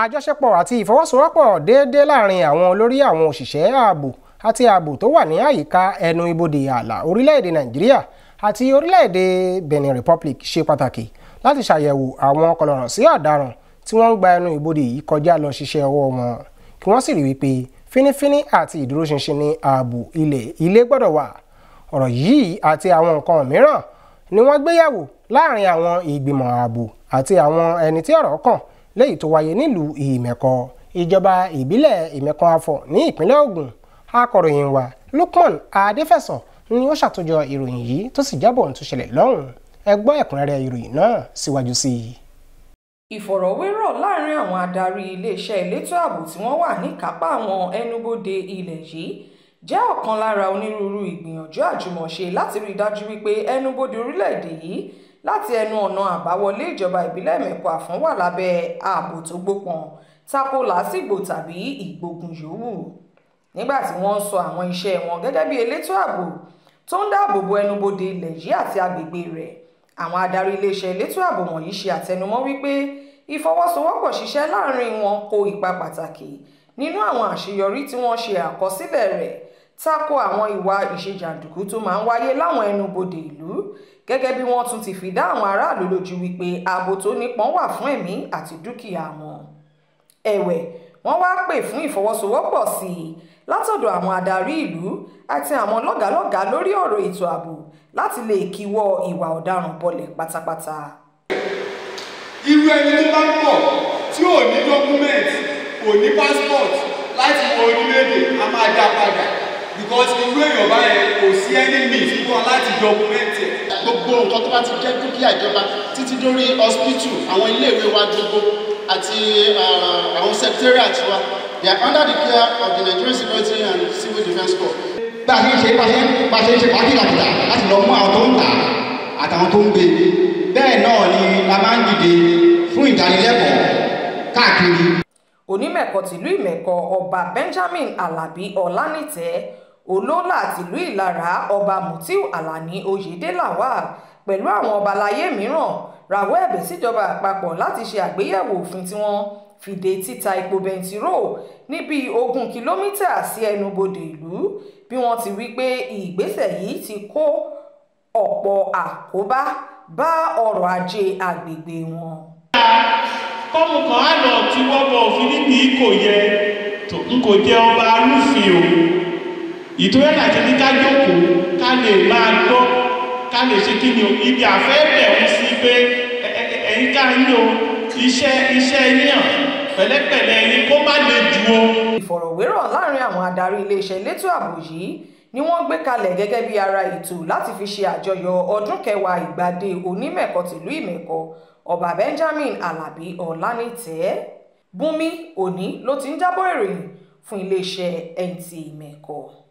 àjọṣepọ̀ àti ìfọwọ́sowọ́pọ̀ déédéé láàrin àwọn olórí àwọn òṣìṣẹ́ ààbò àti ààbò tó wà ní àyíká ẹnu ibodè ààlà orílẹ̀-èdè nàìjíríà àti orílẹ̀-èdè benin republic ṣe pàtàkì láti ṣàyẹ̀wò àwọn kọlọ̀rọ̀ sí ọ̀daràn tí wọ́n ń gba ẹnu ibodè yìí kọjá lọ ṣiṣẹ́ ọwọ́ wọn kí wọ́n sì rí wípé fínífíní àti ìdúróṣinṣin ní ààbò ilẹ̀ ilé gbọ́dọ̀ wà ọ̀rọ̀ yìí àti àwọn nǹkan mìíràn ni wọ́n gbéyàwó láàrin àwọn ìgbìmọ̀ ààbò àti àwọn ẹni tí ọ̀rọ̀ kàn lẹ́yìn tó wáyé nílùú ìmẹ̀kọ ìjọba ìbílẹ̀ ìmẹ̀kọ afọ ní ìpínlẹ̀ Ògùn akọ̀ròyìn wa Lukman Adéfẹ̀sọ ni ó ṣàtòjọ ìròyìn yìí tó sì jábọ̀ ohun tó ṣẹlẹ̀ lọ́hùn ẹ ẹ̀kúnrẹ́rẹ́ ìròyìn náà síwájú sí i. ìfọ̀rọ̀wérọ̀ láàrin àwọn adarí iléeṣẹ́ elétò ààbò tí wọ́n wà níkápá àwọn ẹnubodè ilẹ̀ yìí jẹ́ ọ̀kan lára onírúurú ìgbìyànjú àjùmọ̀ṣe láti rí i dájú wípé ẹnubodè orílẹ̀-èdè yìí láti ẹnu ọ̀nà àbáwọlé ìjọba ìbílẹ̀ mẹ́kọ àfọ́n wà lábẹ́ ààbò tó gbópọn tako làásìgbò tàbí ìgbógun yòówù nígbà tí wọ́n ń sọ àwọn iṣẹ́ wọn gẹ́gẹ́ bí elétò ààbò tó ń dáàbò bo ẹnubodè ilẹ̀ yìí àti agbègbè rẹ̀ àwọn adarí iléeṣẹ́ elétò ààbò wọ̀nyí ṣe àtẹnumọ́ wípé ìfọwọ́sowọ́pọ̀ ṣiṣẹ́ láàrin wọn kó ipa pàtàkì nínú àwọn àṣeyọrí tí wọ́n ṣe àkọsílẹ̀ rẹ̀ tako àwọn ìwà ìṣèjàǹdùkú tó máa ń wáyé láwọn ẹnubodè ìlú gẹ́gẹ́ bí wọ́n tún ti fi dá àwọn aráàlú lójú wípé ààbò tó nípọn wà fún ẹ̀mí àti dúkìá wọn ẹ̀wẹ̀ wọ́n wá pè fún ìfọwọ́sowọ́pọ̀ sí i látọ̀dọ̀ àwọn adarí ìlú àti àwọn lọ́gàálọ́gàá lórí ọ̀rọ̀ ètò ààbò láti lè kíwọ́ ìwà ọ̀daràn bọlẹ̀ pátápátá. irú ẹni tó bá ń tí ò ní dọ́kúmẹ́ǹtì kò ní passport láti orílẹ̀-èdè a máa dá padà because irú èèyàn báyẹn kò sí ẹni mìíràn láti dọ́kúmẹ́ǹtì gbogbo nǹkan tó bá ti jẹ́ dúkìá ìjọba títí dórí hospital àwọn iléèwé wa gbogbo àti àwọn secretariat wa they are under the care of the Nigerian Security and Civil Defence Corps. bá a ṣe ń ṣe bá a ṣe ń ṣe pàkí ìlàkìlà láti lọ mú àwọn tó ń tà àtàwọn tó ń gbé bẹ́ẹ̀ náà ni a máa ń dìde fún ìdánilẹ́kọ̀ọ́ káàkiri. onímẹ̀kọ tìlú ìmẹ̀kọ ọba Benjamin Alabi Ọlánìtẹ́ olólà tìlú ìlara ọba mutiu alani oyedelawa pẹ̀lú àwọn ọbalayé mìíràn rawọ́ ẹ̀bẹ̀ síjọba àpapọ̀ láti ṣe àgbéyẹ̀wò òfin tí wọ́n fìdè títa epo bẹntiró ní bíi ogún kìlómítà sí ẹnubodè ìlú bí wọ́n ti wí pé ìgbésẹ̀ yìí ti kó ọ̀pọ̀ àkóbá bá ọrọ̀ ajé agbègbè wọn. kọ́mù kan á lọ tí wọ́n bọ̀ òfin níbi kò yẹ n kò jẹ́ ọba arúfin o ìtura àti ní ká jókòó ká lè máa gbọ́ ká lè ṣe kí ni o ibi àfẹ́ bẹ̀rù sí pé ẹ̀yin ká ń lo iṣẹ́ iṣẹ́ yíyàn pẹ̀lẹ́pẹ̀lẹ́ yín kó má lè ju o. ìfọ̀rọ̀wérọ̀ láàrin àwọn adarí iléeṣẹ́ elétò ààbò yìí ni wọ́n gbé kalẹ̀ gẹ́gẹ́ bí ara ètò láti fi ṣe àjọyọ̀ ọdún kẹwàá ìgbàdé onímẹ̀kọ tìlú ìmẹ̀kọ ọba Benjamin Alabi Ọlánìtẹ́ Bùnmi Òní ló ti ń jábọ̀ ìròyìn fún iléeṣẹ́ NTA Mẹ̀kọ.